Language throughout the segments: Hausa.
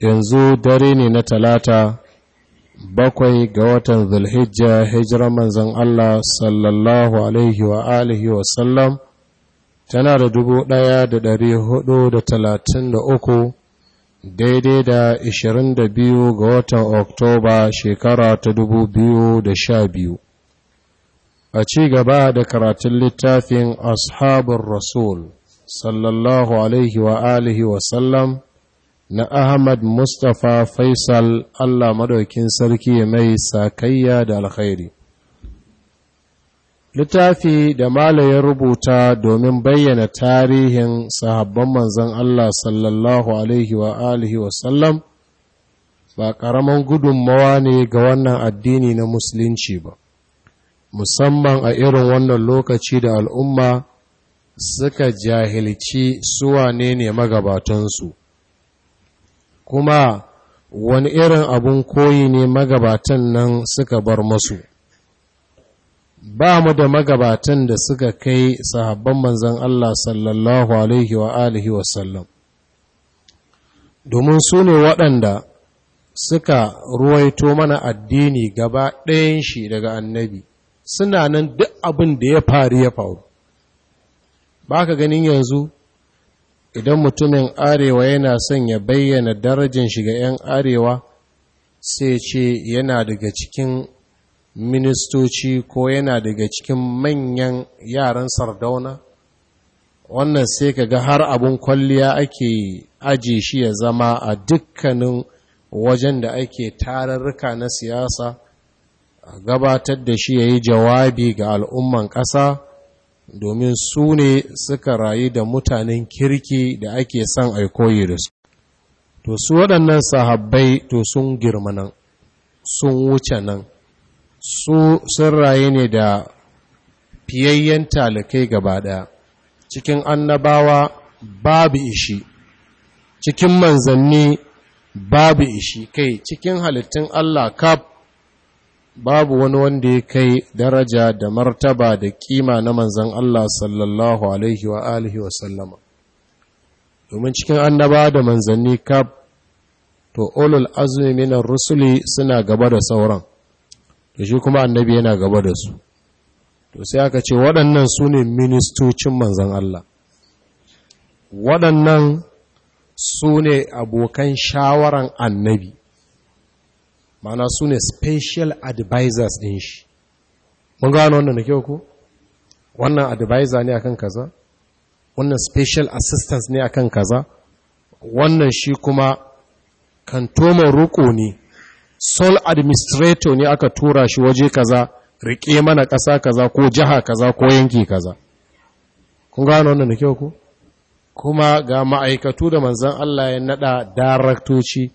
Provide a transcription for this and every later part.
yanzu dare ne na talata bakwai ga watan zulhijja hijiran manzan Allah sallallahu alaihi wa alihi wa tana da dubu ɗaya da dari hudu da talatin da uku daidai da ishirin da biyu ga watan oktoba shekara ta dubu biyu da sha biyu a ci gaba da karatun littafin ashabin rasul sallallahu alaihi wa alihi wa na Ahmad Mustapha Faisal Allah madaukin sarki mai sakayya da alkhairi. Littafi da Mala ya rubuta domin bayyana tarihin sahabban manzan Allah sallallahu Alaihi wa alihi wasallam ba ƙaramin gudunmawa ne ga wannan addini na Musulunci ba, musamman a irin wannan lokaci da al'umma suka jahilci suwa ne ne magabatansu. kuma wani irin abun koyi ne magabatan nan suka bar masu ba mu da magabatan da suka kai sahabban manzan Allah sallallahu alaihi wa alihi wasallam domin su ne waɗanda suka ruwaito mana addini gaba ɗayan shi daga annabi suna nan duk abin da ya faru ya faru ba ka ganin yanzu idan mutumin arewa yana son ya bayyana darajin shiga 'yan arewa sai ce yana daga cikin ministoci ko yana daga cikin manyan yaran sardauna wannan sai ka ga har abun kwalliya ake aji shi ya zama a dukkanin wajen da ake tararruka na siyasa gabatar da shi ya yi jawabi ga al'umman ƙasa domin su ne suka rayu da mutanen kirki da ake son aikoyi da su to su waɗannan sahabbai to sun girma nan sun wuce nan su sun rayu ne da fiyayyen talakai gaba ɗaya cikin annabawa babu ishi cikin manzanni babu ishi kai cikin halittun Allah kaf babu wani wanda ya kai daraja da martaba da kima na manzan Allah sallallahu alaihi wa alihi wa sallama domin cikin annaba da manzanni kaf to olul azumi rusuli suna gaba da sauran to shi kuma annabi yana gaba da su to sai aka ce waɗannan su ne ministocin manzan Allah waɗannan su ne abokan shawaran annabi ma'ana su ne special advisors ɗin shi mun gano wannan da kyau ku wannan advisor ne akan kaza wannan special assistance ne akan kaza wannan shi kuma kantoman roƙo ne sole administrator ne aka tura shi waje kaza riƙe mana ƙasa kaza ko jiha kaza ko yanki kaza kun gano wannan da kyau ku kuma ga ma'aikatu da manzan Allah ya naɗa daraktoci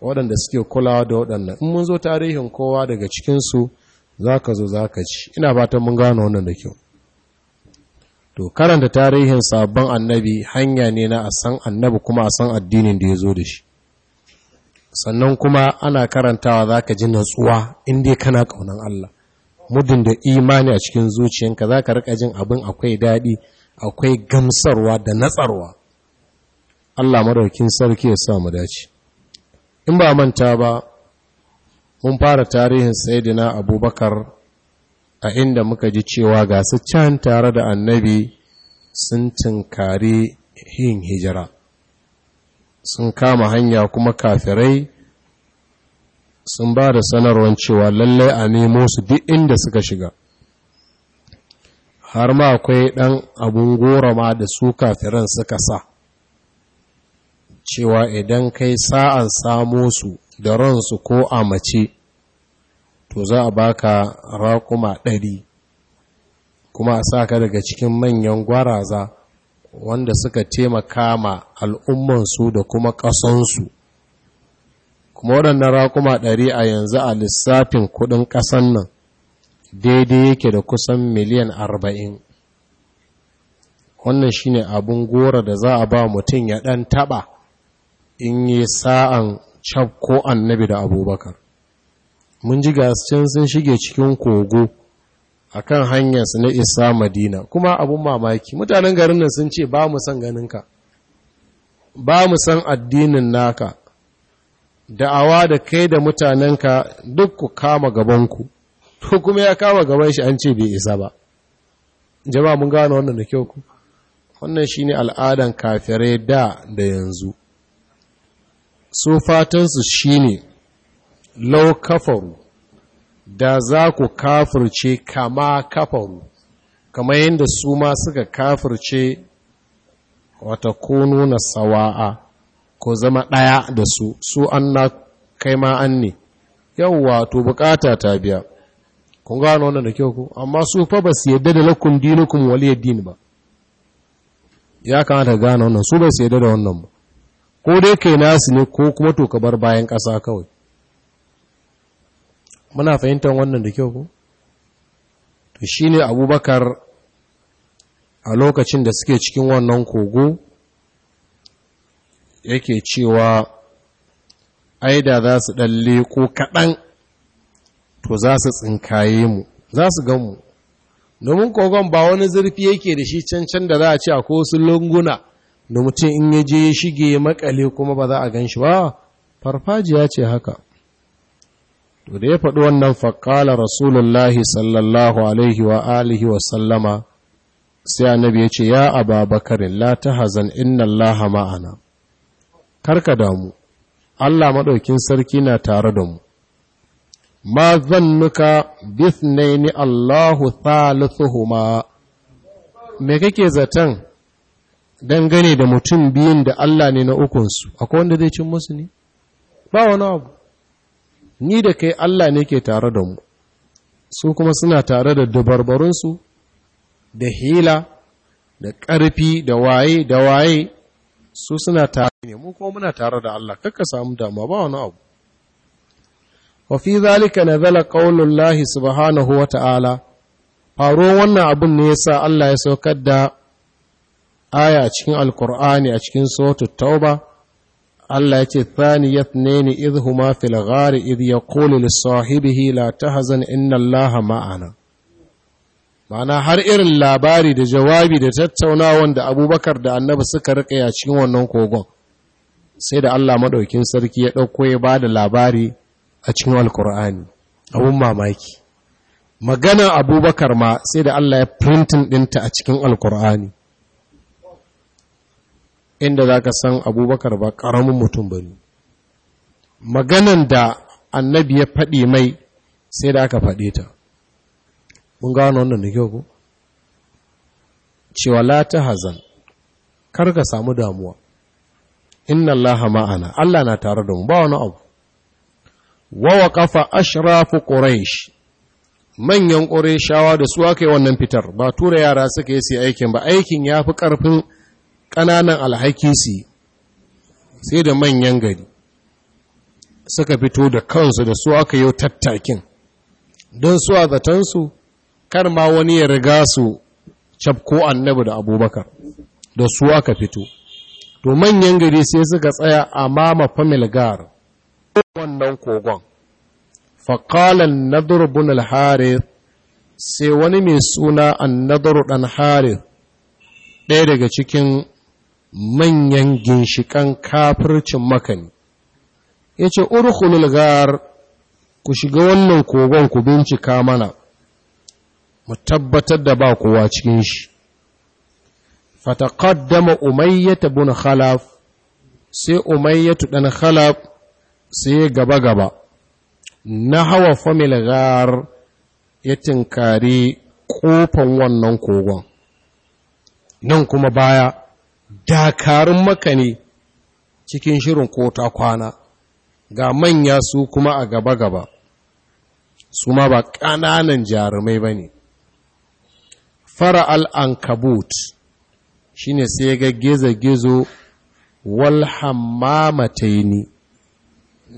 waɗanda suke kulawa da waɗannan in mun zo tarihin kowa daga cikinsu za ka zo za ka ci ina fatan mun gano wannan da kyau to karanta tarihin sabon annabi hanya ne na a san annabi kuma a san addinin da ya zo da shi sannan kuma ana karantawa za ka ji natsuwa inda kana ƙaunar Allah muddin da imani a cikin zuciyanka za ka riƙa jin abin akwai daɗi akwai gamsarwa da natsarwa Allah madaukin sarki ya sa mu dace in ba manta ba mun fara tarihin saidina abubakar a inda muka ji cewa ga su can tare da annabi sun tinkari yin hijira sun kama hanya kuma kafirai sun ba da sanarwar cewa lallai a nemo su duk inda suka shiga har ma akwai ɗan abun gora ma da su kafiran suka sa cewa idan kai sa'an samo su da ransu ko a mace to za a baka raƙuma ɗari kuma a sa ka daga cikin manyan gwaraza wanda suka taimaka ma al'ummansu da kuma ƙasansu kuma waɗannan raƙuma ɗari a yanzu a lissafin kuɗin ƙasan nan daidai yake da kusan miliyan arba'in wannan shine abin gora da za a ba mutum ya ɗan taɓa in yi sa'an cafko annabi da abubakar mun ji gascin sun shige cikin kogo a kan hanyarsu na isa madina kuma abun mamaki mutanen garin nan sun ce ba mu san ganinka ba mu san addinin naka da'awa da kai da mutanenka duk ku kama gabanku to kuma ya kama gaban shi an ce bai isa ba jama'a mun gano wannan da kyau ku wannan shine al'adan kafirai da da yanzu su fatansu shi ne lau kafaru da za ku kafirce kama kafaru kama yadda su ma suka kafirce wata ko na sawa'a ko zama ɗaya da su su an na kai ma an ne yawwa to bukata ta biya kun gano wannan da kyau ku amma su fa ba su yadda da lakum dinukum waliyad din ba ya kamata gano wannan su ba su yadda da wannan ba ko dai kai nasu ne ko kuma to ka bar bayan ƙasa kawai muna fahimtar wannan da kyau ko to shine abubakar a lokacin da suke cikin wannan kogo yake cewa aida za su ɗan ko kaɗan to za su tsinkaye mu za su gan mu domin kogon ba wani zurfi yake da shi cancan da za a ce a ko lunguna da mutum in ya je ya shige ya makale kuma ba za a gan shi ba farfajiya ce haka to da ya faɗi wannan faƙala rasulullahi sallallahu alaihi wa alihi wa sallama sai annabi ya ce ya ababakarin la tahzan inna allaha ma'ana karka damu Allah maɗaukin sarki na tare da mu ma zannuka bithnaini Allahu thalithuhuma me kake zaton dangane da mutum biyun da Allah ne na ukunsu akwai wanda zai cin musu ne ba wani abu ni da kai Allah ne ke tare da mu su kuma suna tare da dabarbarunsu da hila da ƙarfi da waye da waye su suna tare ne mu kuma muna tare da Allah kakka samu dama ba wani abu wa fi zalika nazala qaulullahi subhanahu wa ta'ala faruwar wannan abin ne ya sa Allah ya saukar da aya a cikin alkur'ani a cikin suratul tauba Allah ya ce thaniyat nene idh huma fil ghari idh yaqulu li sahibihi la tahzan inna laha ma'ana ma'ana har irin labari da jawabi da tattaunawar da Abubakar da Annabi suka rike a cikin wannan kogon sai da Allah madaukin sarki ya ɗauko ya bada labari a cikin alkur'ani abun mamaki magana Abubakar ma sai da Allah ya printing dinta a cikin alkur'ani inda za ka san abubakar ba ƙaramin mutum ba ne maganan da annabi ya faɗi mai sai da aka faɗe ta mun gano wannan da kyau ku cewa la ta hazan kar ka samu damuwa inna allaha ma'ana allah na tare da mu ba wani abu wa waqafa ashrafu quraish manyan ƙorashawa da su aka yi wannan fitar ba tura yara suka yi su aikin ba aikin ya fi ƙarfin. ƙananan alhaki sai da manyan gari suka fito da kansu da su aka yi tattakin don su a zatansu kar ma wani ya riga su cafko annabi da abubakar da su aka fito to manyan gari sai suka tsaya a mama familgar wannan kogon faƙalan nadur bin al sai wani mai suna an nadur ɗan harith ɗaya daga cikin manyan ginshikan kafircin makani ya ce urkulul ku shiga wannan kogon ku bincika mana mu tabbatar da ba kowa cikin shi fataqaddama umayyata bin khalaf sai umayyatu dan khalaf sai gaba gaba na hawa familgar ya tinkari kofan wannan kogon nan kuma baya dakarun maka ne cikin shirin kota kwana ga manya su kuma a gaba-gaba su ma ba ƙananan jarumai ba ne fara'al An-Kabut shi ne sai ga gizo-gizo walhammamataini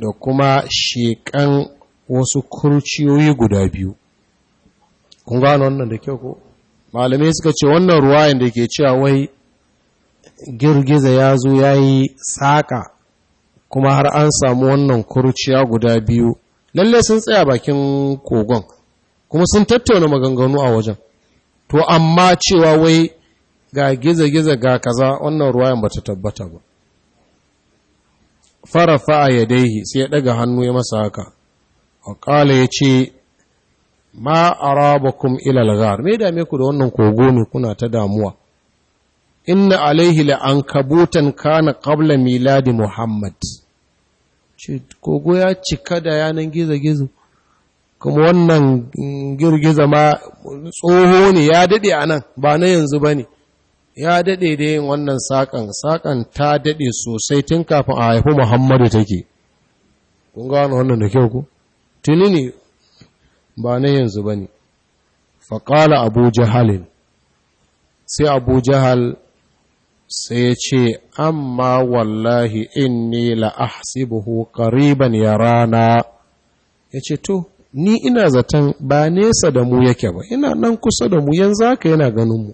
da kuma shekan wasu kurciyoyi guda biyu kun gano wannan da kyau ko malamai suka ce wannan ruwayan da ke cewa wai girgiza ya zo ya yi saƙa kuma har an samu wannan kurciya guda biyu lalle sun tsaya bakin kogon kuma sun tattauna maganganu a wajen to amma cewa wai ga giza-giza ga kaza wannan ruwayan ba ta tabbata ba farafa a yadaihi sai ya daga hannu ya masa haka wakala ya ce ma arabakum ilal ghar me dame ku da wannan kogo ne kuna ta damuwa inna alaihi la'ankabutan kana qabla miladi Muhammad ce kogo ya cika da yanan gizo-gizo kuma wannan girgiza ma tsoho ne ya dade a nan ba na yanzu ba ne ya dade da yin wannan saƙan. Saƙan ta dade sosai tun kafin a haifi Muhammadu take kun gano wannan da kyau ku tuni ne ba na yanzu ba ne faƙala abu jihalin sai abu jahal sai ya ce amma wallahi inni la'ahsibuhu qariban yarana ya ce to ni ina zaton ba nesa da mu yake ba ina nan kusa da mu yanzu haka yana ganin mu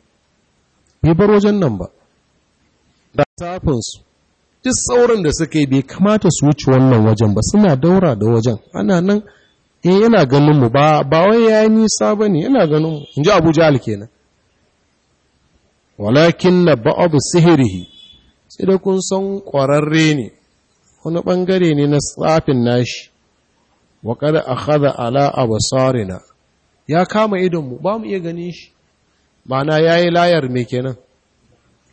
bai bar wajen nan ba da tafinsu duk sauran da suka yi bai kamata su wuce wannan wajen ba suna daura da wajen ana nan eh yana ganin mu ba ba wai ya nisa ba ne, yana ganin mu ji Abu Jahl kenan walakin na ba'adu sihirihi sai da kun san ƙwararre ne wani ɓangare ne na tsafin nashi wa kada a haɗa ala abasarina ya kama idonmu ba mu iya ganin shi ma'ana ya yi layar mai kenan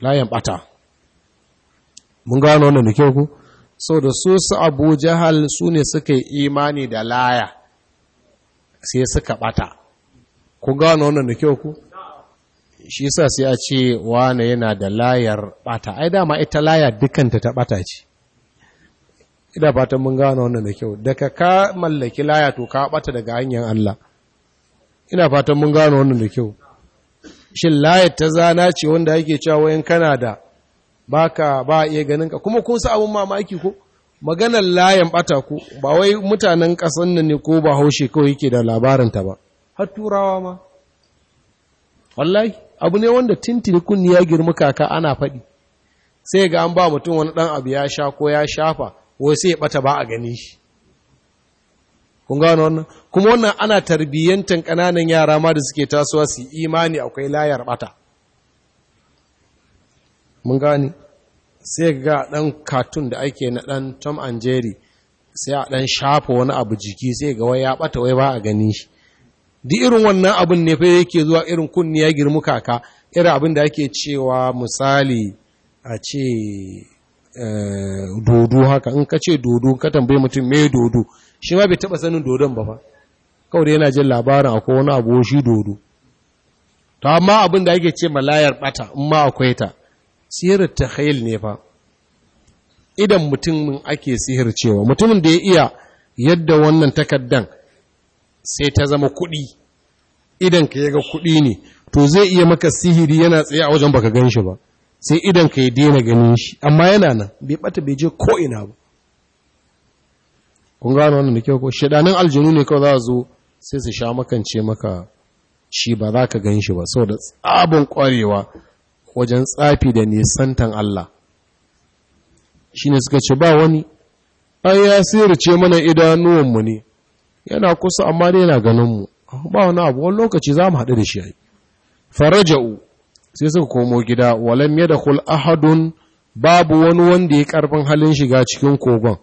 layan ɓata mun gano wannan da kyau ku sau da su su abu jahal su ne suka yi imani da laya sai suka ɓata ku gano wannan da kyau ku shi sa sai a ce wane yana da layar bata ai dama ita laya dukanta ta bata ce ina fatan mun gano wannan da kyau daga ka mallaki laya to ka bata daga hanyar Allah ina fatan mun gano wannan da kyau shin layar ta zana ce wanda yake cewa wayan kana da baka ba iya ganin ka kuma kun sa abun mamaki ko maganar layan bata ko ba wai mutanen kasan nan ne ko ba haushe kawai yake da labarin ta ba har turawa ma wallahi abu ne wanda tintini kunni ya girma kaka ana faɗi sai ga an ba mutum wani ɗan abu ya sha ko ya shafa wai sai ya ɓata ba a gani shi kun gano wannan kuma wannan ana tarbiyyantan ƙananan yara ma da suke tasowa su imani akwai layar ɓata mun gane sai ga ɗan katun da ake na ɗan tom and jerry sai a ɗan shafa wani abu jiki sai ga wai ya ɓata wai ba a gani shi Di irin wannan abin ne fa yake zuwa irin kunni ya girmu kaka irin abin da ake cewa misali a ce eh, dodo haka in ka ce dodo ka tambaye mutum me dodo shi ma bai taba sanin dodon ba fa kawai yana jin labarin akwai wani abu shi dodo to amma abin da ake ce malayar bata in ma akwai ta sihirar ta khayil ne fa idan mutumin ake sihir cewa mutumin da ya iya yadda wannan takaddan sai ta zama kuɗi idan ka yaga kuɗi ne to zai iya maka sihiri yana tsaye a wajen baka gan shi ba sai idan ka yi daina ganin shi amma yana nan bai bata bai je ko ina ba kun gano wannan da kyau ko shedanin aljanu ne kawai za a zo sai su sha makance maka shi ba za ka gan shi ba saboda tsabin kwarewa wajen tsafi da nisantan Allah shine suka ce ba wani an ya ce mana idanuwanmu ne yana kusa amma dai yana ganin mu ba wani abu wani lokaci za mu haɗu da shi ai faraja'u sai suka komo gida walam yadkhul ahadun babu wani wanda ya karfin halin shiga cikin kogon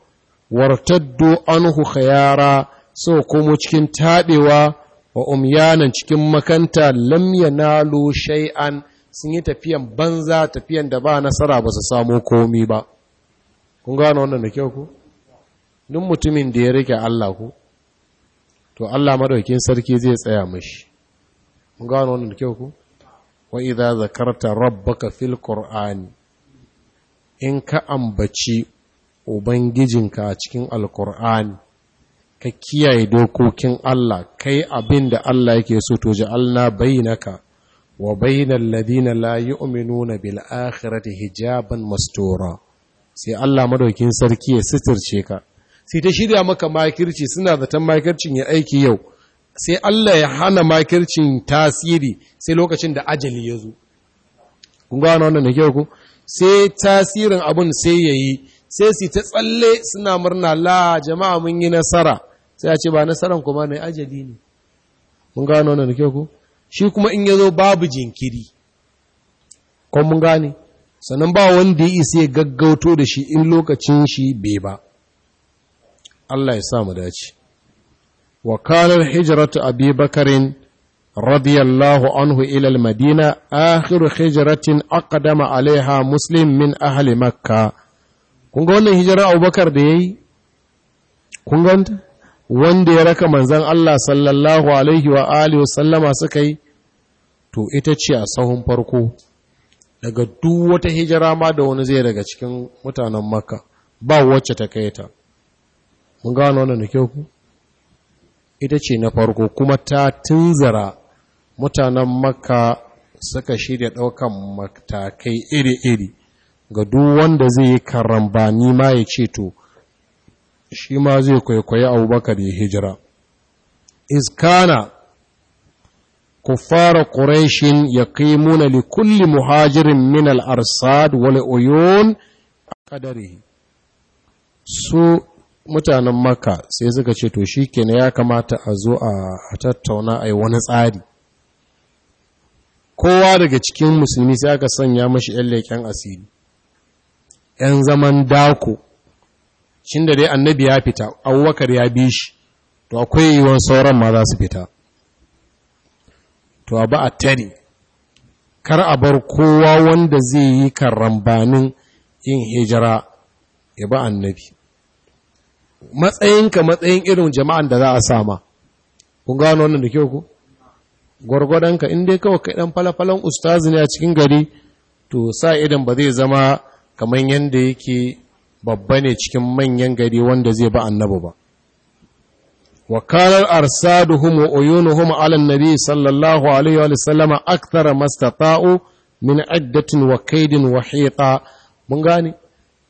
wartaddu anhu khayara sau komo cikin taɗewa wa umyanan cikin makanta lam yanalu shay'an sun yi tafiyan banza tafiyan da ba nasara ba su samu komi ba kun gano wannan da kyau ku duk mutumin da ya rike Allah ku to Allah madaukin sarki zai tsaya mashi mun ga wannan da kyau ku wa idza zakarta rabbaka fil qur'ani in ka ambaci ubangijinka a cikin alqur'ani ka kiyaye dokokin Allah kai abin da Allah yake so to ja'alna bainaka wa bainal ladina la yu'minuna bil akhirati hijaban mastura sai Allah madaukin sarki ya sitirce ka sai ta shirya maka makirci suna zaton makircin ya aiki yau sai Allah ya hana makircin tasiri sai lokacin da ajali ya zo kun gano wannan da kyau ku sai tasirin abin sai yi sai su ta tsalle suna murna la jama'a mun yi nasara sai a ce ba nasaran kuma ne ajali ne mun gano wannan da kyau ku shi kuma in ya zo babu jinkiri Ko mun gane sannan ba wanda ya isa ya gaggauto da shi in lokacin shi bai ba Allah ya sa mu dace wa kalar hijratu abi bakarin radiyallahu anhu ila al-madina akhiru hijratin aqdama alaiha muslim min ahli makka kun ga wannan hijira abubakar da yayi kun ga wanda ya raka manzon Allah sallallahu alaihi wa alihi sallama suka yi to ita ce a sahun farko daga duk wata hijira ma da wani zai daga cikin mutanen makka ba wacce ta kai ta mun gano wannan da kyau ku ita ce na farko kuma ta tunzara mutanen maka suka shirya ɗaukan matakai iri-iri ga duk wanda zai yi ni ma ya ce to shi ma zai kwaikwayi abubakar ya hijira iskana fara ƙureshin ya kai li kulli muhajirin minal arsad wale oyon a su mutanen maka sai suka ce to shi kenan ya kamata a zo a tattauna a yi wani tsari kowa daga cikin musulmi sai aka sanya mashi 'yan leƙen asiri 'yan zaman dako shin da dai annabi ya fita abubakar ya bi shi to akwai yiwuwar sauran ma za su fita to ba a tare kar a bar kowa wanda zai yi karambanin yin hijira ya ba annabi matsayinka matsayin irin jama'an da za a sama kun gano wannan da kyau ku gwargwadonka in dai kawai kai dan falafalan ustazi ne a cikin gari to sa idan ba zai zama kamar yadda yake babba ne cikin manyan gari wanda zai ba annabi ba wakalar arsaduhum wa uyunuhum alan nabi sallallahu alaihi wa sallama aktara mastata'u min addatin wa kaidin wa hiƙa mun gane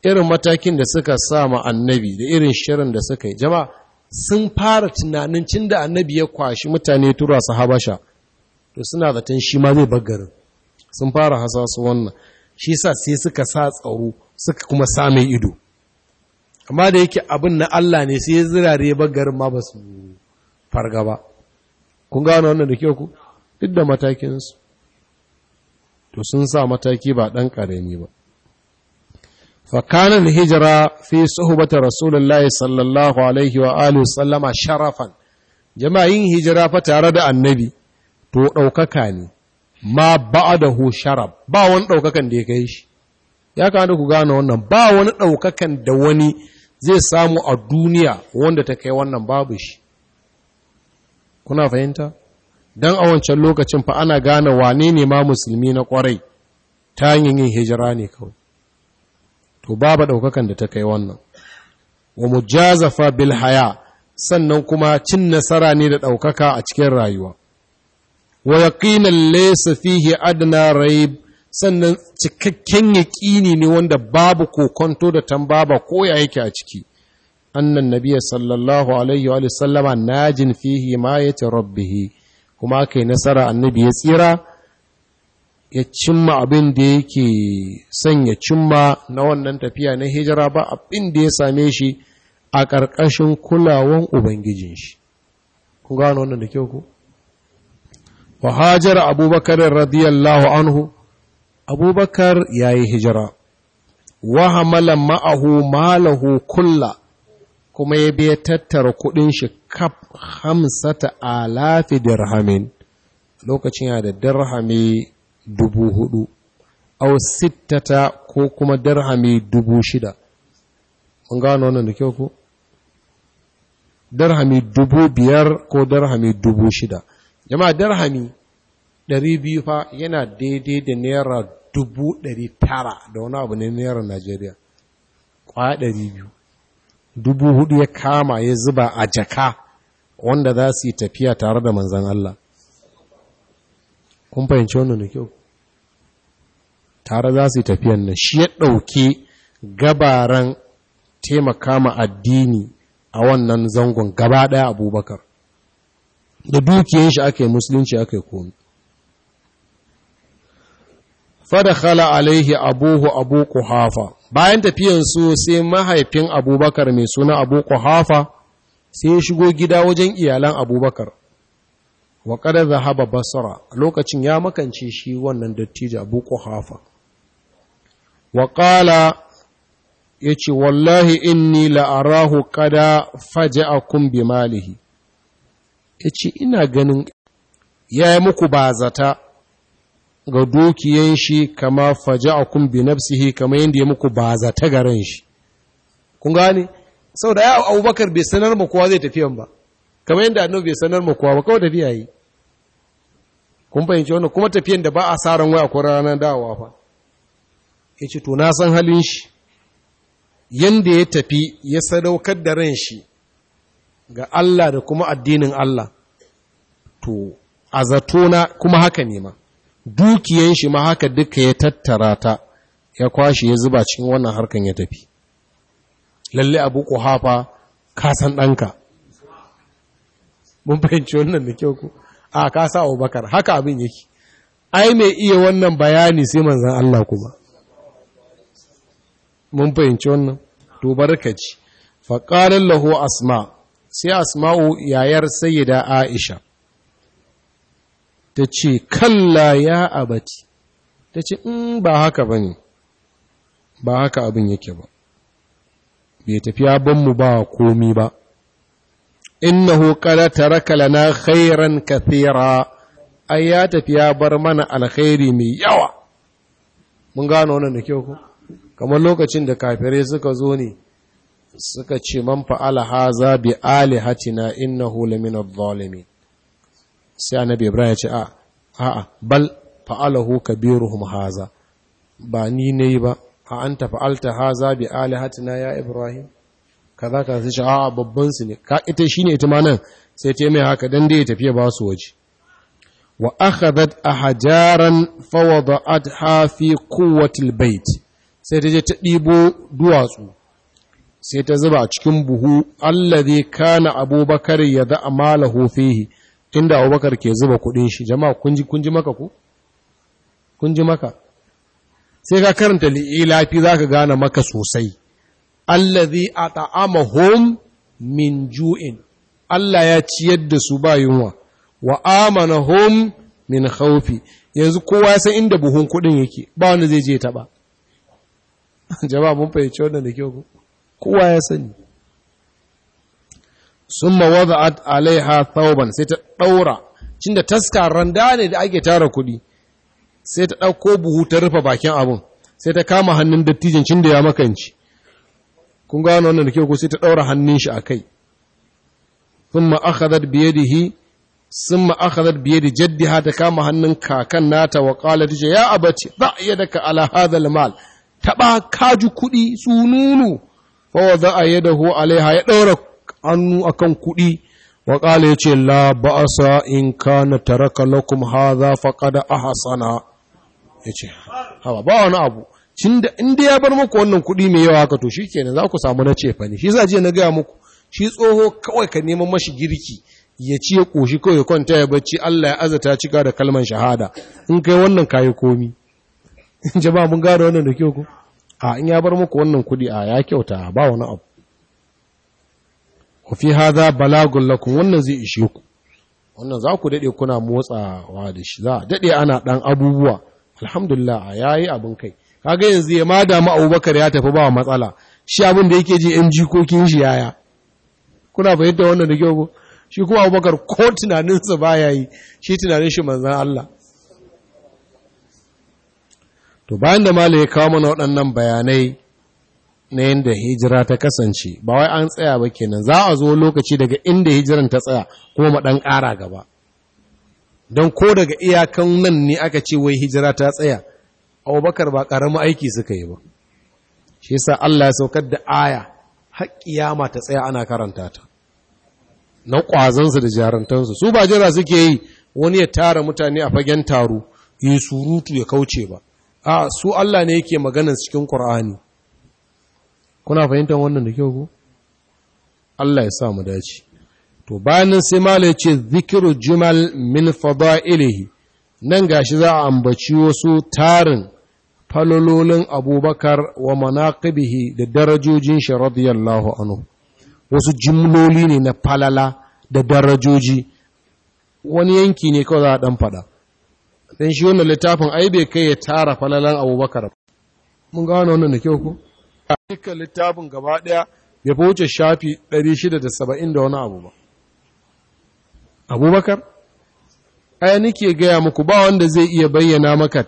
irin matakin da suka sa ma annabi da irin shirin da suka yi jama'a sun fara tunanin cin da annabi ya kwashi mutane tura su habasha to suna zaton shi ma zai bagarin sun fara hasasu wannan shi sa sai suka sa tsaro suka kuma same ido amma da yake abin na Allah ne sai zirare bagarin ma ba su farga ba kun gano wannan da kyau ku duk da matakinsu to sun sa mataki ba ɗan ƙarami ba فكان الهجرة في صحبة رسول الله صلى الله عليه وآله وسلم شرفا جماعين هجرة فتارد النبي to ɗaukaka ne ma ba sharaf ba wani ɗaukakan da ya kai shi ya kamata ku gane wannan ba wani ɗaukakan da wani zai samu a duniya wanda ta kai wannan babu shi kuna fahimta don a wancan lokacin fa ana gane wane ne ma musulmi na kwarai? ta yin yin hijira ne kawai to babu ɗaukakan da ta kai wannan wa mujazafa bil haya sannan kuma cin nasara ne da ɗaukaka a cikin rayuwa wa yaqinan laysa fihi adna raib sannan cikakken yaƙini ne wanda babu kokonto da tambaba ko ya yake a ciki annan nabiya sallallahu alaihi wa sallama najin fihi ma yati rabbih kuma kai nasara annabi ya tsira ya cimma abin da yake son ya cimma na wannan tafiya na hijira ba abin da ya same shi a ƙarƙashin kulawan ubangijin shi Ku gano wannan da kyau ku wa hajar abubakar radiyallahu anhu abubakar ya yi hijira wa hamala ma'ahu malahu kulla kuma ya biya tattara kuɗin shi kaf hamsata alafi dirhamin lokacin ya da dirhami dubu hudu au sittata ko kuma darhami dubu shida mun gano wannan da kyau ko darhami dubu biyar ko darhami dubu shida yamma darhami ɗari biyu fa yana daidai da naira dubu ɗari tara da wani abu ne naira najeriya ƙwaya ɗari biyu dubu hudu ya kama ya zuba a jaka wanda za su yi tafiya tare da manzan Allah kun fahimci wannan da kyau tare za su yi tafiyan nan shi ya ɗauki gabaran taimaka ma addini a wannan zangon gaba ɗaya abubakar da dukiyan shi aka yi musulunci aka yi komi khala alaihi abuhu abu kuhafa bayan su sai mahaifin abubakar mai suna abu kuhafa sai ya shigo gida wajen iyalan abubakar wa kada zahaba basara lokacin ya makance shi wannan dattijo abu kuhafa wa ƙala ya ce wallahi inni la'arahu kada faja'akum bi malihi ya ce ina ganin ya yi muku bazata ga dukiyan shi kama faja'akum bi nafsihi kama yadda ya muku bazata garin shi kun gane sau da ya abubakar bai sanar ma kowa zai tafiyan ba kama yadda annabi bai sanar ma kowa ba kawai tafiya yi kun fahimci wannan kuma tafiyan da ba a sa waya ko ranar dawowa fa ya ce to na san halin shi yadda ya tafi ya sadaukar da ran shi ga Allah da kuma addinin Allah to a zatona kuma haka ne ma dukiyan shi ma haka duka ya tattara ta ya kwashe ya zuba cikin wannan harkan ya tafi lalle abu kuhafa kasan ɗanka mun fahimci wannan da kyau ku a kasa abubakar haka abin yake ai mai iya wannan bayani sai manzan Allah kuma mun fahimci wannan to barkaci fa lahu asma sai asma'u yayar sayyida aisha tace kalla ya abati tace in mm, ba haka bane ba haka abin yake ba bai tafi ban mu ba komi ba innahu qala taraka lana khairan kathira ai ya tafi ya bar mana alkhairi mai yawa mun gano wannan da kyau ko kamar lokacin da kafirai suka zo ne suka ce man fa'ala haza bi hatina innahu lamin adh-dhalimin sai annabi ibrahim ya ce a a bal fa'alahu kabiruhum haza ba ni ne ba a anta fa'alta haza bi hatina ya ibrahim kaza ka sai ce a babban su ne ka ita shine ita ma nan sai ta mai haka dan dai ya ba su waje wa akhadhat ahjaran fawada'atha fi quwwatil bait sai ta je ta ɗibo duwatsu sai ta zuba a cikin buhu Allah allazi kana abubakar ya za a malahu fihi inda abubakar ke zuba kuɗin shi jama'a kunji kunji maka ku kunji maka sai ka karanta li'ilafi za ka gane maka sosai allazi a hom min ju'in Allah ya ciyar da su ba yunwa wa amana hom min haufi. yanzu kowa ya san inda buhun kuɗin yake ba wanda zai je taba jama'a mun fahimci wannan da kyau kowa ya sani Sun summa wada'at alaiha thawban sai ta cin cinda taska randa ne da ake tara kuɗi sai ta ɗauko buhu ta rufe bakin abun sai ta kama hannun dattijin cinda ya makanci kun gano wannan da kyau ko sai ta ɗaura hannun shi a kai. Sun da hi, akai thumma akhadhat da yadihi ثم أخذت بيد جدها تكام هنن كاكن ناتا ya abace za a iya daga alahazal mal. taɓa kaju kuɗi tsununu fawa za a da ho alaiha ya ɗaura hannu akan kuɗi wa ƙala ya ce la ba sa in ka na tara ha za fa hadha a hasana ya ce hawa ba wani abu Inda ya bar muku wannan kuɗi mai yawa haka to shi shikenan za ku samu na cefa ne shi za je na gaya muku shi tsoho kawai ka neman mashi girki ya ci ya ƙoshi kawai kwanta ya bacci Allah ya azata cika da kalman shahada in kai wannan kayi komi jama'a mun gane wannan da kyau ku a in ya bar muku wannan kudi a ya kyauta ba wani abu wa fi hadha balagun lakum wannan zai ishe ku wannan za ku dade kuna motsawa da shi za dade ana dan abubuwa alhamdulillah a yayi abin kai kaga yanzu ya mada mu Abubakar ya tafi ba matsala shi abin da yake ji in jikokin shi yaya kuna fahimta wannan da kyau ku shi kuma Abubakar ko tunaninsa baya yi shi tunanin shi manzon Allah to bayan da mala ya kawo mana waɗannan bayanai na yadda hijira ta kasance ba wai an tsaya ba kenan za a zo lokaci daga inda hijiran ta tsaya kuma maɗan ɗan ƙara gaba don ko daga iyakan nan ne aka ce wai hijira ta tsaya abubakar ba ƙaramin aiki suka yi ba shi sa Allah ya saukar da aya har ta tsaya ana karanta ta na ƙwazansu da jarantansu su ba jira suke yi wani ya tara mutane a fagen taro yi surutu ya kauce ba a su Allah ne yake maganar cikin ƙur'ani kuna fahimtar wannan da kyau ku? Allah ya sa mu dace to bayanin sai mala ya ce zikiru jumal min ilihi nan gashi za a ambaci wasu tarin falololin abubakar wa manaqibihi da darajojin shi radiyallahu anhu wasu jimloli ne na falala da darajoji wani yanki ne kawai za a ɗan fada don shi wannan littafin ai bai kai ya tara falalan abubakar mun ga wannan da kyau ko dukkan littafin gaba daya ya fi wuce shafi 670 da wani abu ba abubakar ai nike gaya muku ba wanda zai iya bayyana maka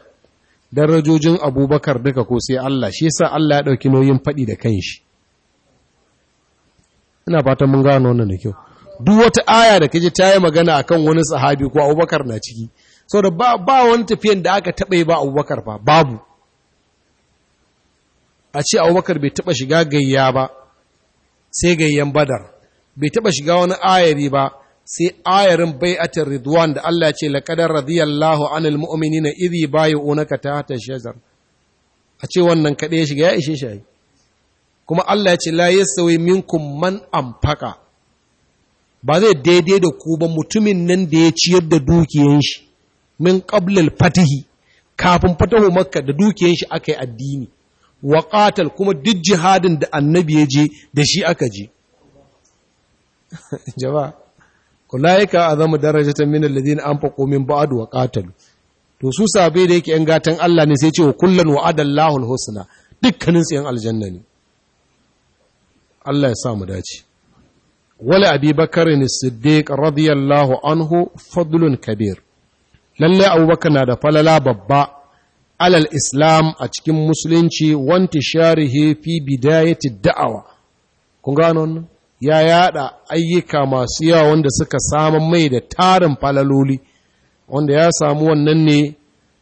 darajojin abubakar duka ko sai Allah shi yasa Allah ya ɗauki nauyin faɗi da kanshi ina fatan mun gano wannan da kyau duk wata aya da kaje ta yi magana akan wani sahabi ko abubakar na ciki saboda ba ba wani tafiyan da aka taɓa yi ba abubakar ba babu a ce abubakar bai taɓa shiga gayya ba sai gayyan badar bai taɓa shiga wani ayari ba sai ayarin bai'atar ridwan da Allah ce laƙadar radiyallahu anil mu'minina idhi bayyunaka tahta shajar a ce wannan kaɗai ya shiga ya ishe shi kuma Allah ya ce la yasawi minkum man amfaka ba zai daidai da ku ba mutumin nan da ya ciyar da dukiyan shi min qablal fatihi kafin fatahu makka da dukiyar shi aka yi addini wa qatal kuma duk jihadin da annabi ya je da shi aka je jama'a kulaika azamu darajatan min alladhina anfaqu min ba'd wa qatalu to su sabe da yake yan gatan Allah ne sai ce wa kullan wa'adallahu alhusna dukkanin su yan aljanna ne Allah ya sa mu dace wala abi bakarin siddiq radiyallahu anhu fadlun kabir lallai abubakar na da falala babba alal islam a cikin musulunci wanti sharihi fi bidayati da'awa kun gano nan? ya yada ayyuka masu yawa wanda suka saman mai da tarin falaloli wanda ya samu wannan ne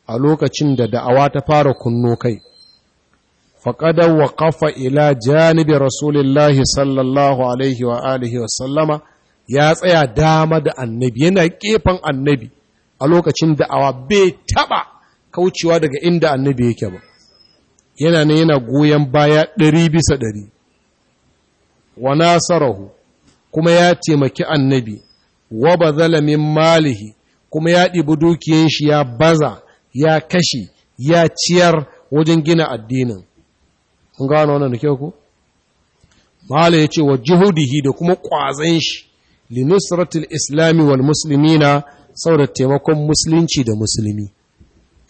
a lokacin da da'awa ta fara kunno kai faƙadar wa kafa ila janibi rasulillahi sallallahu alaihi wa alihi wa sallama ya tsaya dama da annabi yana kefan annabi a lokacin da awa bai taɓa kaucewa daga inda annabi yake ba yana ne yana goyon baya ɗari bisa ɗari wa nasarahu kuma ya taimaki annabi wa bazala min malihi kuma ya ɗibi dukiyan shi ya baza ya kashe ya ciyar wajen gina addinin kun gano wannan nake ku mala ya ce wa jihudihi da kuma ƙwazon shi li nusratil islami wal muslimina da taimakon musulunci da musulmi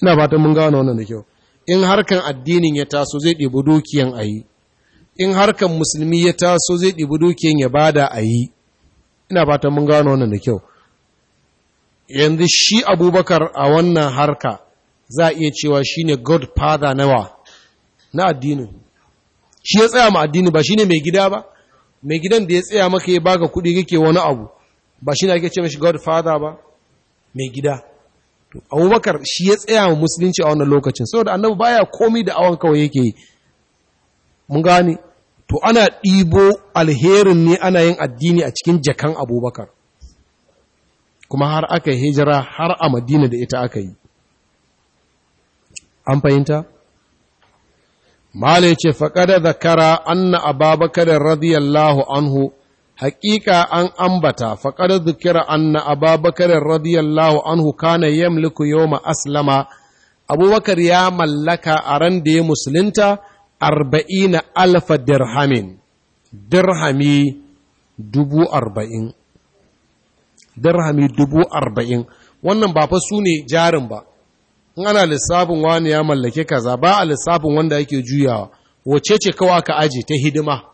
ina fatan mun gano wannan da kyau in harkan addinin ya taso zai ɗibu dukiyan a yi in harkan musulmi ya taso zai ɗibu dukiyan ya bada a yi ina fatan mun gano wannan da kyau yanzu shi abubakar a wannan harka za a iya cewa shi ne godfather nawa na addinin shi ya tsaya ma addini ba shi ne mai gida ba mai gidan da ya tsaya maka ya baka kuɗi kake wani abu ba shi ne ake ce mashi godfather ba mai gida abubakar shi ya tsaya wa musulunci a wannan lokacin saboda annabi baya komi da awon kawai yake yi mun gane to ana ɗibo alherin ne ana yin addini a cikin jakan abubakar kuma har aka yi hijira har a madina da ita aka yi an fahimta mala ya ce faƙada zakara na ababakar radiyallahu anhu haƙiƙa an ambata faƙar zukira anna ababakar radiyallahu anhu kana yamliku yawma aslama abubakar ya mallaka a ran da ya musulunta arba'ina alfa dirhamin dirhami dubu arba'in dirhami dubu arba'in wannan ba fa su ne jarin ba in ana lissafin wani ya mallake kaza ba a lissafin wanda yake juyawa wace ce kawai aka aje ta hidima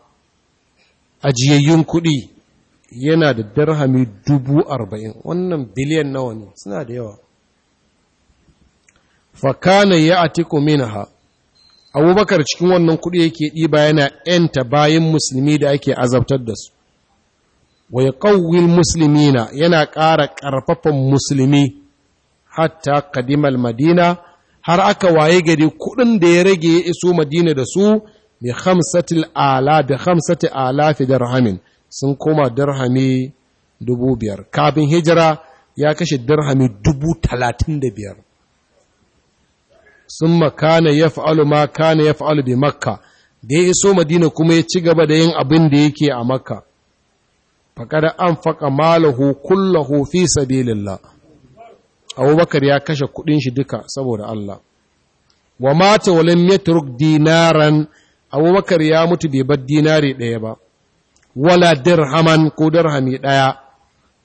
ajiyayyun kuɗi yana da darhami dubu arba'in wannan biliyan nawa ne suna da yawa fakana ya atiku minaha abubakar cikin wannan kuɗi yake ɗiba yana ‘yanta bayan musulmi da ake azabtar da su wa ya ƙawwil musulmina yana ƙara ƙarfafan musulmi hatta kadimal madina har aka waye gari kuɗin da ya rage ya iso madina da su bi khamsatil ala da khamsati Fi dirhamin sun koma dirhami dubu biyar kafin hijira ya kashe dirhami dubu talatin da biyar sun makana ya fa'alu ma kana ya fa'alu bi makka da ya iso madina kuma ya ci gaba da yin abin da yake a makka faƙar an faƙa malahu kullahu fi sabilillah abubakar ya kashe kuɗin shi duka saboda Allah wa mata walin yatruk dinaran abubakar ya mutu bai bar dinari ɗaya ba wala dirhaman ko dirhami ɗaya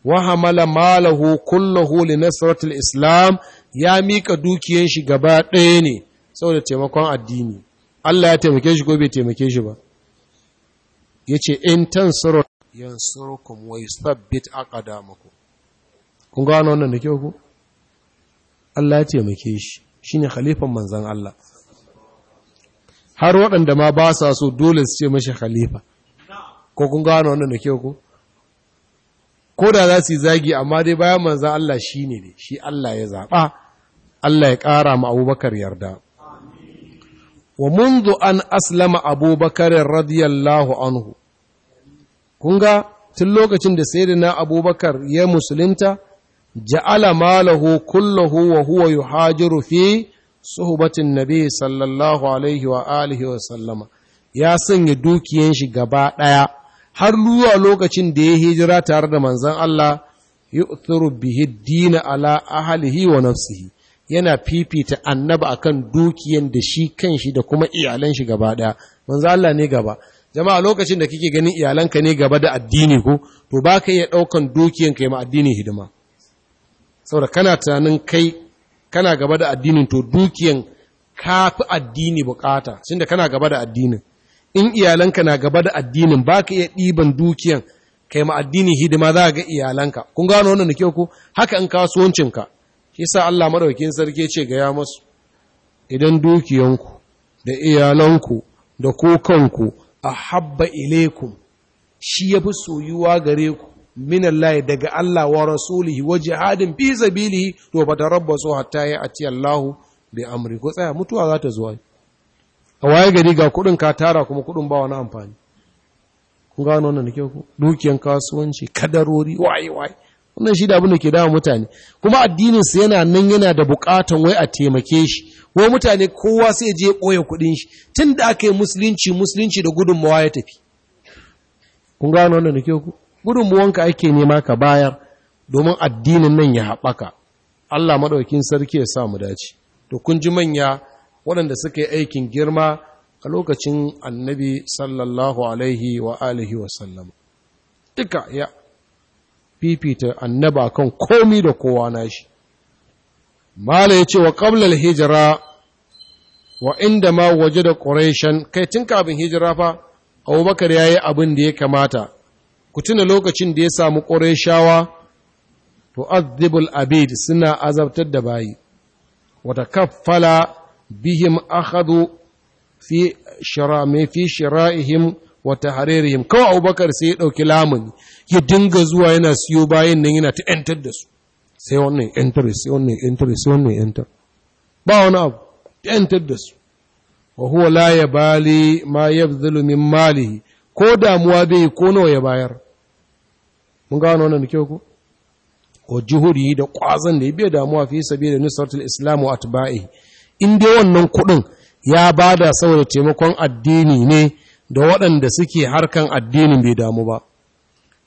wa hamala malahu kullahu li nasratil islam ya mika dukiyan shi gaba ɗaya ne saboda taimakon addini Allah ya taimake shi ko bai taimake shi ba yace in tan tansuru yansurukum wa yuthabbit aqdamakum kun gano wannan da kyau ku? Allah ya taimake shi shine khalifan manzon Allah har waɗanda ma ba sa so dole su ce mashi khalifa ko kun gano wannan da kyau ko ko da za su yi zagi amma dai bayan manzan Allah shi ne ne shi Allah ya zaɓa Allah ya ƙara ma abubakar yarda wa munzu an aslama abubakar radiyallahu anhu kun ga tun lokacin da sai na abubakar ya musulunta ja'ala malahu kullahu wa huwa yuhajiru fi suhubatin nabi sallallahu alaihi wa alihi wa sallama ya sanya dukiyan shi gaba ɗaya har zuwa lokacin da ya hijira tare da manzon Allah yu'thiru bihi dina ala ahlihi wa nafsihi yana fifita annaba akan dukiyan da shi kanshi da kuma iyalan shi gaba ɗaya manzon Allah ne gaba jama'a lokacin da kike ganin iyalanka ne gaba da addini ko to baka iya ɗaukan dukiyan kai ma addini hidima saboda kana tunanin kai kana gaba da addinin to dukiyan kafi addini bukata da kana gaba da addinin in iyalanka na gaba da addinin baka iya ɗiban dukiyan kai ma ma'addini hidima za ga iyalanka kun gano wannan da kyau ko haka in kasuwancinka shi sa Allah maɗaukin sarki ce ga ya masu idan dukiyanku da iyalanku da kokanku a habba ilaikum shi ya fi soyuwa gare ku min Allah daga Allah wa rasulihi wa jihadin fi sabilihi to fa tarabbasu hatta ya ati Allah bi amri ko tsaya mutuwa za ta zo a waye gari ga kudin ka tara kuma kudin ba wani amfani kun gano wannan ke ku dukiyan kasuwanci kadarori waye waye wannan shi da abin da ke dawo mutane kuma addinin sa yana nan yana da bukatan wai a taimake shi wai mutane kowa sai je boye kudin shi tunda aka yi musulunci musulunci da gudunmawa ya tafi kun gano wannan da ku gudunmuwanka ake nema ka bayar domin addinin nan ya haɓaka Allah maɗaukin sarki ya samu dace to kun ji manya waɗanda suka yi aikin girma a lokacin annabi sallallahu alaihi wa alihi wa sallam duka ya fifita annaba kan komi da kowa nashi mala ya ce wa ƙablal hijira wa inda ma waje da ƙorashen kai tun kafin hijira fa abubakar ya yi abin da ya kamata ku tuna lokacin da ya samu ƙoreshawa to azibul abid suna azabtar da bayi wata kaffala bihim akhadu fi shirame fi shira'ihim wa tahririhim kawai Abubakar sai ya ɗauki lamun ya dinga zuwa yana siyo bayan nan yana ta enter da su sai wannan enter sai wannan enter sai wannan enter ba wani abu ta enter da su wa huwa la yabali ma yabdhulu min malihi ko damuwa bai ko nawa ya bayar mun gano wannan da kyau ku Ko da ƙwazon da ya biya damuwa fi sabi da nusratul islam wa atba'i in dai wannan kuɗin ya bada saboda taimakon addini ne da waɗanda suke harkan addinin bai damu ba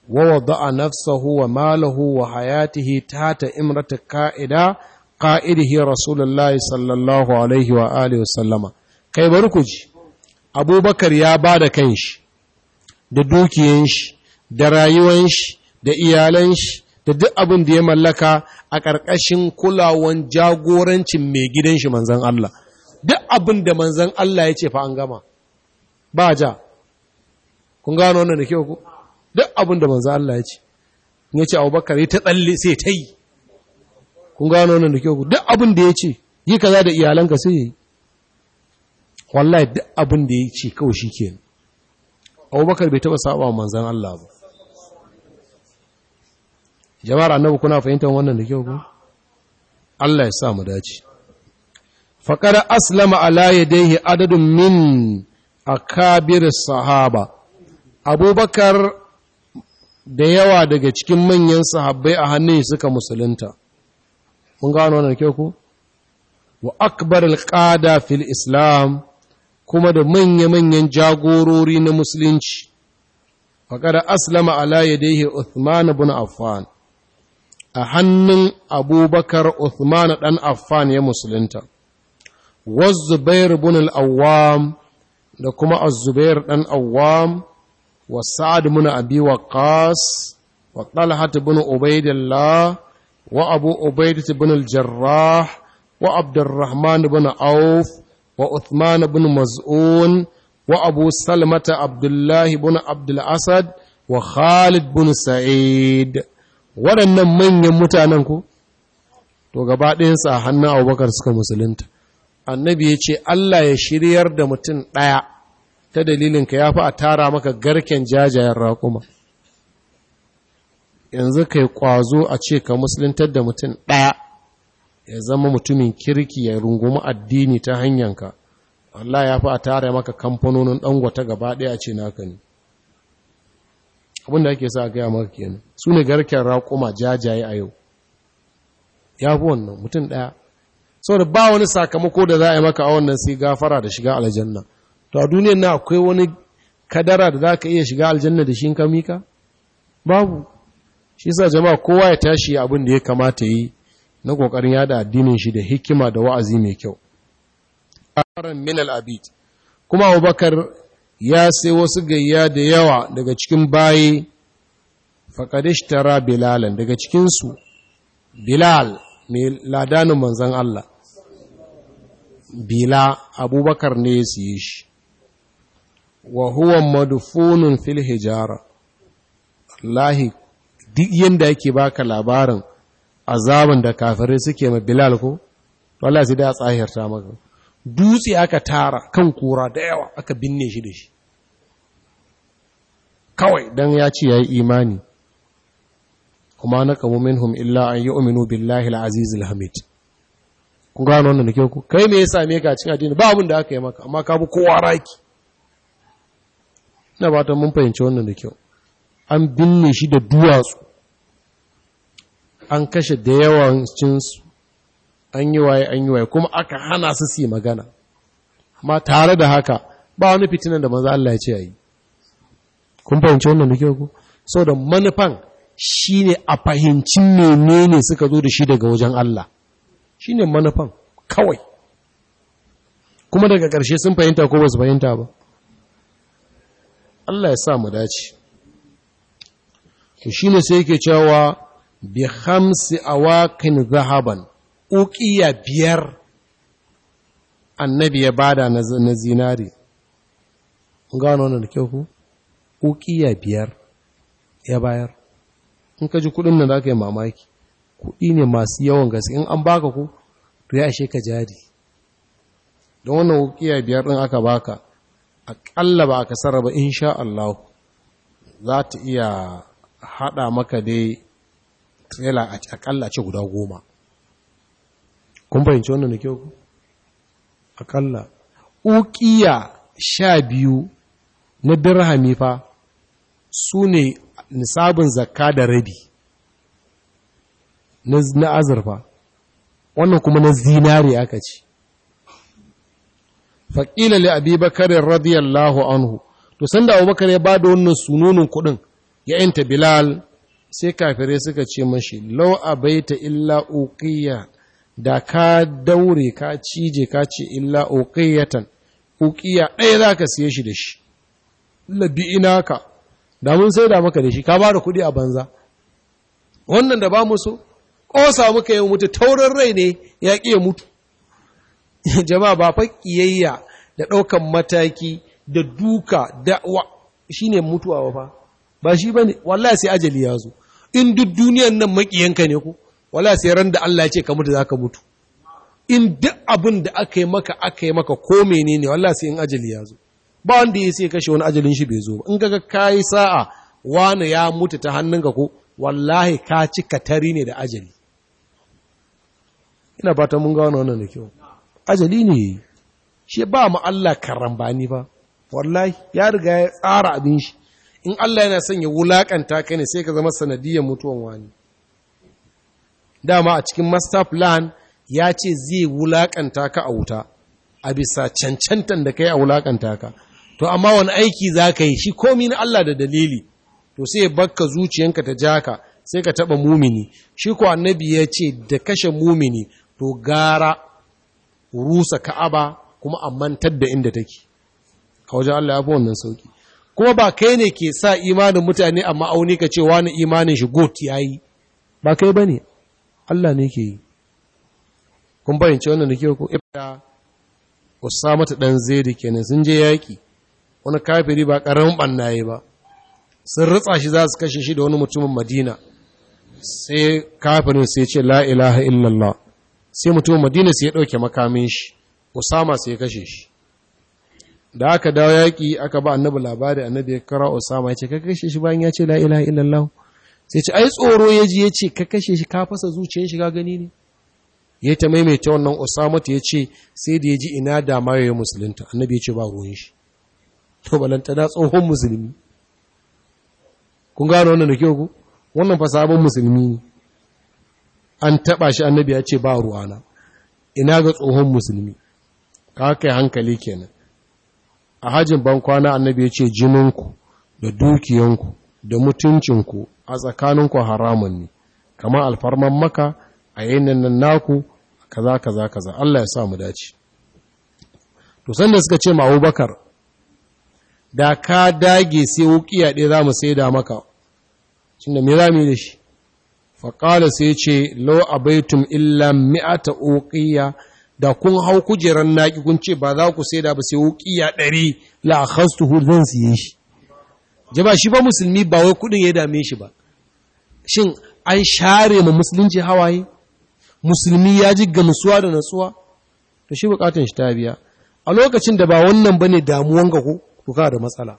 wa wada'a nafsahu wa malahu wa hayatihi tata imrata ka'ida qa'idihi rasulullahi sallallahu alaihi wa alihi wa kai bari ku ji abubakar ya bada kanshi da dukiyanshi da rayuwanshi da iyalan shi da duk abin da ya mallaka a ƙarƙashin kulawan jagorancin mai gidan shi manzan Allah duk abin da manzan Allah ya ce fa an gama ba ja kun gano wannan da kyau ku duk abin da manzan Allah ya ce ya ce abubakar ya ta tsalle sai ta yi kun gano wannan da kyau ku duk abin da ya ce yi kaza da iyalanka sai ya yi wallahi duk abin da ya ce kawai shi kenan abubakar bai taɓa saba manzan Allah ba jama'ar annabi kuna fahimtar wannan da kyau ku Allah ya sa mu dace faqara aslama ala yadayhi adadun min akabir sahaba abubakar da yawa daga cikin manyan sahabbai a hannun suka musulunta mun gano wannan kyau ku wa akbar alqada fil islam kuma da manya-manyan jagorori na musulunci faqara aslama ala yadayhi uthman ibn affan a hannun abubakar Uthman ɗan Affan ya musulunta, wazubair bin al'awwam da kuma azubair ɗan Awam wa sa'ad bin abi waqas wa ɗalhat bin ubaidillah wa abu ubaidat bin al-jarrah wa abdurrahman bin auf wa Uthman bin maz'un wa abu salmata abdullahi bin abdul asad wa khalid bin sa'id waɗannan manyan mutanen ko to gaba a hannun abubakar suka musulunta annabi ya ce Allah ya shiryar da mutum ɗaya ta dalilinka ya fi a tara maka garken jajayen raƙuma yanzu kai ƙwazo a ce ka musuluntar da mutum ɗaya ya zama mutumin kirki ya rungumi addini ta hanyanka Allah ya fi a tara maka kamfanonin ɗangwata gaba ɗaya ce naka ne abinda da ake sa a gaya maka kenan su ne garken raƙuma jajaye a yau ya fi wannan mutum ɗaya saboda ba wani sakamako da za a yi maka a wannan sai gafara da shiga aljanna to a duniyar na akwai wani kadara da za ka iya shiga aljanna da shi ka mika babu shi sa jama'a kowa ya tashi abin da ya kamata yi na ƙoƙarin yada addinin shi da hikima da wa'azi mai kyau. Ƙarar Minal Abid, kuma Abubakar ya sai wasu gayya da yawa daga cikin bayi tara bilalan daga cikinsu bilal mai ladanin manzan Allah bila abubakar ne su yi shi wa huwa madufunun fil hijara lahi duk yadda yake baka labarin azabin da kafirai suke ma bilal ko wala sai da a tsahirta maka dutse aka tara kan kura da yawa aka binne shi da shi kawai don ya ce ya yi imani kuma na min minhum illa an yi ominu billahi al'azizul hamid ku gano wannan da kyau ku kai me ya same ka cin ba abin da aka yi maka amma ka kowa raki na batan mun fahimci wannan da kyau an binne shi da duwatsu an kashe da yawan cinsu an yi waye an yi waye kuma aka hana su si magana amma tare da haka ba wani fitinan da manzo Allah ya ce yayi kun fahimci wannan da ku da manufan shine a fahimci menene suka zo da shi daga wajen Allah shine manufan kawai kuma daga ƙarshe sun fahimta ko ba su fahimta ba Allah ya sa mu dace to shine sai yake cewa bi khamsi awakin zahaban uƙiya biyar annabi ya bada na zinari gano na da kyau ku uƙiya biyar ya bayar in ka ji kuɗin nan za aka yi mamaki kuɗi ne masu yawan gaske in an baka ku to ya ashe ka jari don wannan uƙiya biyar ɗin aka baka aƙalla ba aka sarra ba sha Allah za ta iya haɗa maka dai trailer ƙalla ce guda goma kun fahimci wannan da kyau akalla ukiya sha biyu na dirhami fa su ne nisabin zakka da rabi na azurfa wannan kuma na zinari aka ce faƙila li abi bakarin radiyallahu anhu to sanda abubakar ya bada da wannan sunonin kuɗin ya yanta bilal sai kafirai suka ce mashi lau abaita illa uqiya da ka daure ka cije ka ce illa uqiyatan uqiya ɗaya za ka siye shi da shi labi ina ka da mun sai da maka da shi ka ba da kuɗi a banza wannan da ba mu so ƙosa muka yi mutu taurin rai ne ya ƙi ya mutu jama'a ba fa ƙiyayya da ɗaukan mataki da duka da wa shi ne mutuwa ba ba shi ba ne wallahi sai ajali ya zo in duk duniyan nan maƙiyanka ne ku wala sai ran da Allah ya ce ka mutu ka mutu in duk abin da aka yi maka aka yi maka ko menene wala sai in ajali ya zo ba wanda ya sai kashe wani ajalin shi bai zo ba in kaga kai sa'a wani ya mutu ta hannunka ko wallahi ka ci katari ne da ajali ina fatan mun ga wannan da kyau ajali ne shi ba mu Allah karambani ba wallahi ya riga ya tsara abin shi in Allah yana son ya wulakanta ka ne sai ka zama sanadiyar mutuwan wani dama a cikin master plan ya ce zai wulakanta ka a wuta a bisa cancantan da kai a wulakanta ka to amma wani aiki za ka yi shi komi na Allah da dalili to sai bakka zuciyanka ta ja ka sai ka taba mumini shi ko annabi ya ce da kashe mumini to gara rusa ka'aba kuma a mantar da inda take a wajen Allah ya fi wannan sauki kuma ba kai ne ke sa imanin mutane amma auni ka ce wani imanin shi got yi. ba kai ba ne. Allah ne ke yi kun bayyance wannan da ke hukun ibada usama ta dan zaidi kenan sun je yaki wani kafiri ba karamin banna yayi ba sun ritsa shi za su kashe shi da wani mutumin Madina sai kafirin sai ce la ilaha illallah sai mutumin Madina sai ya dauke makamin shi usama sai ya kashe shi da aka dawo yaki aka ba annabi labari annabi ya kara usama ya ce ka kashe shi bayan ya ce la ilaha illallah sai ce ai tsoro ya ji ya ce ka kashe shi ka fasa zuciyar shiga gani ne ya ta maimaita wannan usamatu ya ce sai da ya ji ina da ya musulunta annabi ya ce ba ruwan shi to balanta da tsohon musulmi kun gano wannan da kyau ku wannan fa sabon musulmi ne an taba shi annabi ya ce ba ruwana ina ga tsohon musulmi ka kai hankali kenan a hajin bankwana annabi ya ce jininku da dukiyanku da mutuncinku a tsakaninku haramun ne kamar alfarman maka a yayin nan naku kaza kaza kaza Allah ya sa mu dace to sanda suka ce ma Abubakar da ka dage sai wukiya ɗaya za mu saida maka tunda me za mu yi da shi qala sai ce law abaitum illa mi'ata uqiya da kun hau kujeran naki kun ce ba za ku saida ba sai wukiya ɗari la khastuhu zan siye shi jama shi ba musulmi ba wai kudin ya dame shi ba shin an share ma musulunci hawaye musulmi ya ji ga nutsuwa da natsuwa to shi bukatun shi ta biya a lokacin da ba wannan bane damuwan ga ku ku ka da matsala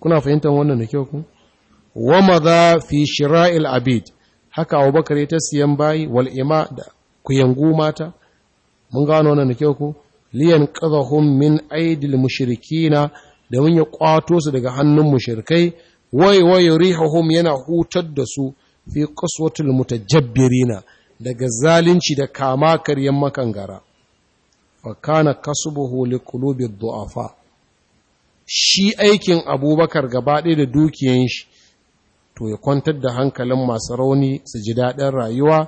kuna fahimtar wannan da kyau ku wa madha fi shira'il abid haka Abubakar ya ta siyan bayi wal'ima ima da yangu mata mun gano wannan da kyau ku liyan qadhahum min aidil mushrikina domin ya kwato su daga hannun mushirkai wai wai rihahum yana hutar da su fi qaswatil mutajabbirina daga zalunci da kama karyan makangara fa kana kasbuhu liqulubi du'afa shi aikin abubakar gaba ɗaya da dukiyan shi to ya kwantar da hankalin masu rauni su ji daɗin rayuwa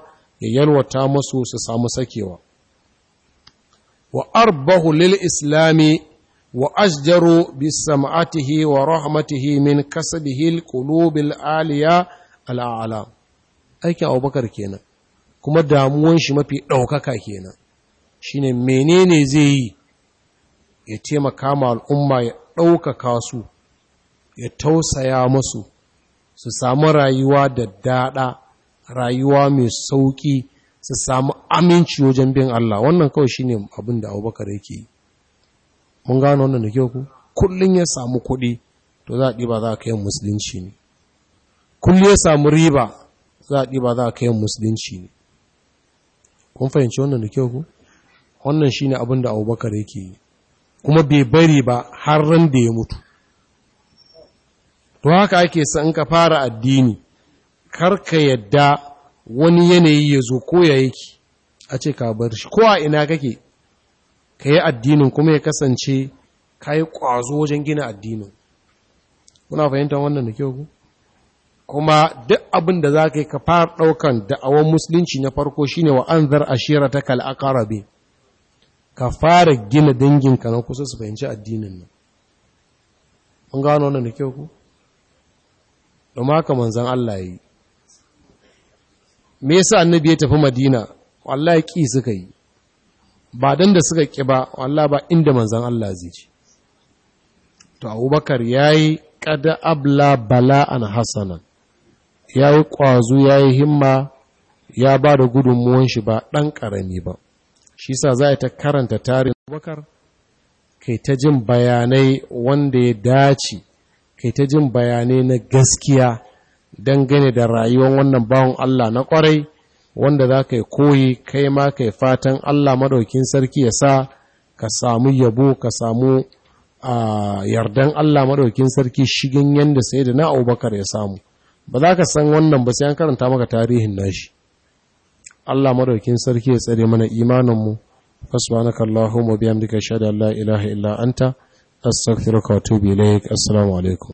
ya yalwata musu su samu sakewa wa arbahu lil islami wa ashjaru bi sam'atihi wa rahmatihi min kasabihi alqulubil aliya al'ala aikin abubakar kenan kuma damuwan shi mafi ɗaukaka kenan shine menene zai yi ya taimaka ma al'umma ya ɗaukaka su ya tausaya masu, su samu rayuwa da daɗa rayuwa mai sauƙi su samu aminci wajen bin Allah wannan kawai shine abin da abubakar yake yi mun gano wannan da kyau ku kullun ya samu kuɗi to za a ɗiba za a kai musulunci ne kullun ya samu riba za a ɗiba za a kai musulunci ne kun fahimci wannan da kyau ku wannan shine abin da Abubakar yake yi kuma bai bari ba har ran da ya mutu to haka ake sa in ka fara addini kar ka yadda wani yanayi ya zo ko ya yake a ce ka bar shi ko a ina kake ka yi addinin kuma ya kasance ka yi ƙwazo wajen gina addinin kuna fahimtar wannan da kyau ku kuma duk abin da za ka yi ka fara ɗaukan da'awar musulunci na farko shine wa an zar a ashira ta kal'akarabe ka fara gina danginka na kusa su fahimci addinin nan an gano wannan da kyau ku domin haka manzan Allah ya yi me yasa annabi ya tafi madina wallahi ki suka yi ba dan da suka ƙi ba Allah ba inda manzan Allah zai ci to abubakar ya yi ƙada abla bala'an hasanan ya yi ƙwazo ya yi himma ya ba da gudunmuwan shi ba ɗan ƙarami ba shi sa za ta karanta tarin abubakar kai ta jin bayanai wanda ya dace kai ta jin bayanai na gaskiya dangane da rayuwar wannan bawan Allah na ƙwarai wanda za ka yi koyi kai ma ka yi fatan Allah maɗaukin sarki ya sa ka samu yabo ka samu yardan Allah maɗaukin sarki shigin yadda sai da na abubakar ya samu ba za ka san wannan ba sai an karanta maka tarihin nashi Allah maɗaukin sarki ya tsare mana imaninmu subhanaka allahumma bihamdika ashhadu an ilaha illa anta astaghfiruka wa atubu ilaik assalamu alaikum